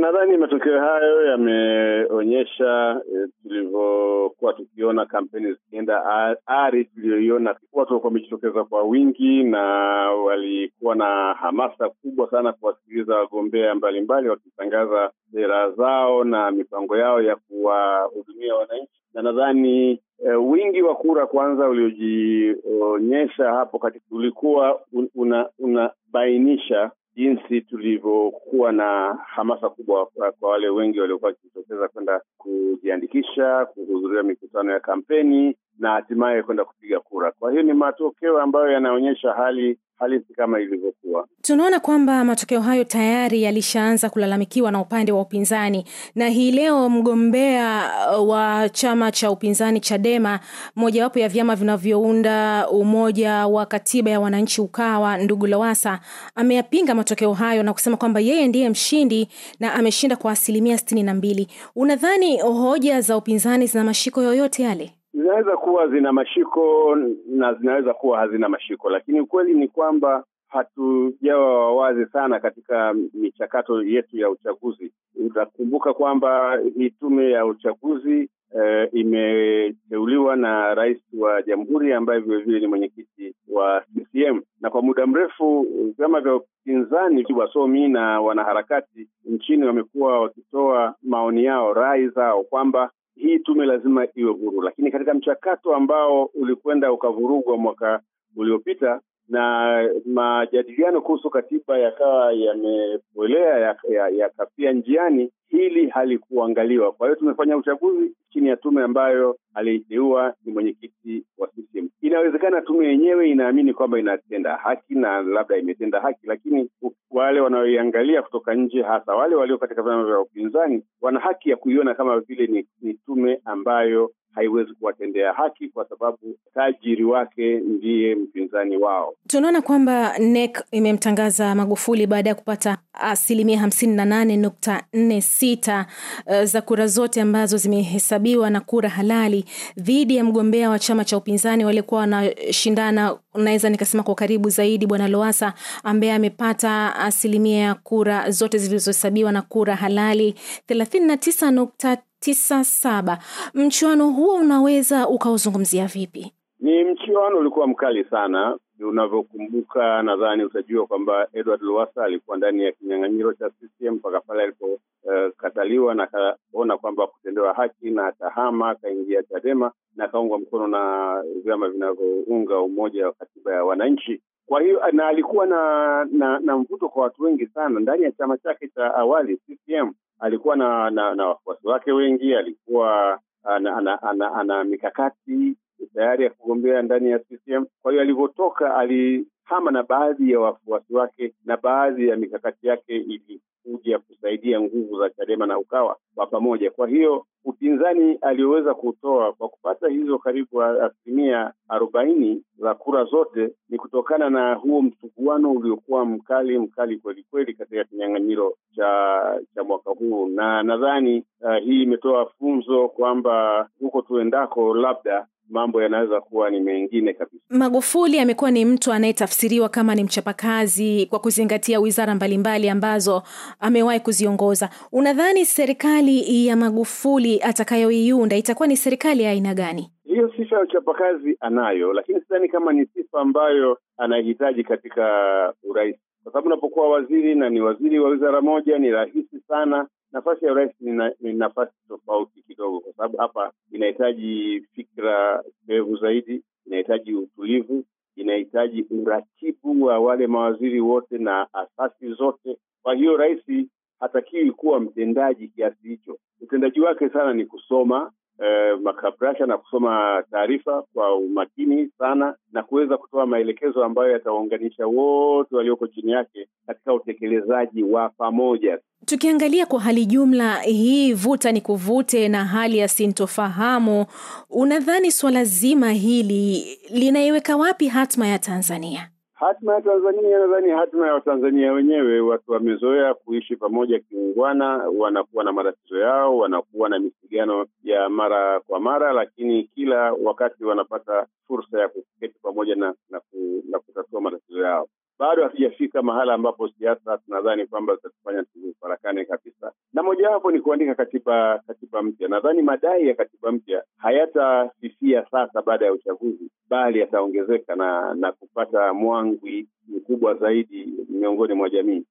Nadhani matokeo hayo yameonyesha eh, tulivyokuwa tukiona kampeni zikienda ah, ari tuliyoiona, watu walikuwa wamejitokeza kwa wingi na walikuwa na hamasa kubwa sana kuwasikiliza wagombea mbalimbali wakitangaza sera zao na mipango yao ya kuwahudumia wananchi, na nadhani e, wingi wa kura kwanza uliojionyesha hapo kati ulikuwa unabainisha jinsi tulivyokuwa na hamasa kubwa kwa wale wengi waliokuwa wakijitokeza kwenda kujiandikisha kuhudhuria mikutano ya kampeni na hatimaye kwenda kupiga kura. Kwa hiyo ni matokeo ambayo yanaonyesha hali halisi kama ilivyokuwa. Tunaona kwamba matokeo hayo tayari yalishaanza kulalamikiwa na upande wa upinzani, na hii leo mgombea uh, wa chama cha upinzani Chadema, mojawapo ya vyama vinavyounda Umoja wa Katiba ya Wananchi Ukawa, ndugu lowasa ameyapinga matokeo hayo na kusema kwamba yeye ndiye mshindi na ameshinda kwa asilimia sitini na mbili. Unadhani hoja za upinzani zina mashiko yoyote yale? zinaweza kuwa zina mashiko na zinaweza kuwa hazina mashiko, lakini ukweli ni kwamba hatujawa wazi sana katika michakato yetu ya uchaguzi. Utakumbuka kwamba hii tume ya uchaguzi e, imeteuliwa na rais wa jamhuri ambaye vilevile ni mwenyekiti wa CCM, na kwa muda mrefu vyama vya upinzani, wasomi na wanaharakati nchini wamekuwa wakitoa maoni yao, rai zao kwamba hii tume lazima iwe huru, lakini katika mchakato ambao ulikwenda ukavurugwa mwaka uliopita na majadiliano kuhusu katiba yakawa yamepolea yakafia ya, ya njiani, hili halikuangaliwa. Kwa hiyo tumefanya uchaguzi chini ya tume ambayo aliiteua ni mwenyekiti wa CCM. Inawezekana tume yenyewe inaamini kwamba inatenda haki na labda imetenda haki, lakini wale wanaoiangalia kutoka nje, hasa wale walio katika vyama vya upinzani, wana haki ya kuiona kama vile ni, ni tume ambayo haiwezi kuwatendea haki kwa sababu tajiri wake ndiye mpinzani wao. Tunaona kwamba NEC imemtangaza Magufuli baada ya kupata asilimia hamsini na nane nukta nne sita eh, za kura zote ambazo zimehesabiwa na kura halali dhidi ya mgombea wa chama cha upinzani waliokuwa wanashindana, naweza nikasema kwa karibu zaidi, Bwana Loasa ambaye amepata asilimia ya kura zote zilizohesabiwa na kura halali thelathini na tisa nukta 97 Mchuano huo unaweza ukauzungumzia vipi? Ni mchuano ulikuwa mkali sana. Unavyokumbuka, nadhani utajua kwamba Edward lwasa alikuwa ndani ya kinyang'anyiro cha CCM mpaka pale alipokataliwa, uh, na akaona kwamba kutendewa haki na akahama, akaingia Chadema na akaungwa mkono na vyama vinavyounga umoja wa katiba ya wananchi. Kwa hiyo na alikuwa na na, na mvuto kwa watu wengi sana ndani ya chama chake cha awali CCM alikuwa na na, na wafuasi wake wengi, alikuwa ana, ana, ana, ana mikakati tayari ya kugombea ndani ya CCM. Kwa hiyo alivyotoka, alihama na baadhi ya wafuasi wake na baadhi ya mikakati yake ilikuja kusaidia nguvu za Chadema na Ukawa kwa pamoja. Kwa hiyo upinzani aliyoweza kutoa kwa kupata hizo karibu asilimia arobaini za kura zote ni kutokana na huo msuguano uliokuwa mkali mkali kweli kweli katika kinyang'anyiro cha cha mwaka huu, na nadhani uh, hii imetoa funzo kwamba huko tuendako labda mambo yanaweza kuwa ni mengine kabisa. Magufuli amekuwa ni mtu anayetafsiriwa kama ni mchapakazi kwa kuzingatia wizara mbalimbali ambazo amewahi kuziongoza. Unadhani serikali ya Magufuli atakayoiunda itakuwa ni serikali ya aina gani? Hiyo sifa ya uchapakazi anayo, lakini sidhani kama ni sifa ambayo anahitaji katika urais, kwa sababu unapokuwa waziri na ni waziri wa wizara moja ni rahisi sana. Nafasi ya urais ni, na, ni nafasi tofauti kidogo, kwa sababu hapa inahitaji fikra mbevu zaidi, inahitaji utulivu, inahitaji uratibu wa wale mawaziri wote na asasi zote. Kwa hiyo rais hatakiwi kuwa mtendaji kiasi hicho. Utendaji wake sana ni kusoma eh, makabrasha na kusoma taarifa kwa umakini sana na kuweza kutoa maelekezo ambayo yatawaunganisha wote walioko chini yake katika utekelezaji wa pamoja. Tukiangalia kwa hali jumla hii vuta ni kuvute na hali ya sintofahamu, unadhani suala zima hili linaiweka wapi hatma ya Tanzania? Hatma ya Tanzania, nadhani hatma ya Watanzania wenyewe. Watu wamezoea kuishi pamoja kiungwana, wanakuwa na matatizo yao, wanakuwa na misigano ya mara kwa mara, lakini kila wakati wanapata fursa ya kuketi pamoja na, na, ku, na kutatua matatizo yao. Bado hatujafika mahala ambapo siasa tunadhani kwamba zitatufanya mafarakano kabisa, na mojawapo ni kuandika katiba katiba mpya. Nadhani madai ya katiba mpya hayatasifia sasa baada ya uchaguzi, bali yataongezeka na na kupata mwangwi mkubwa zaidi miongoni mwa jamii.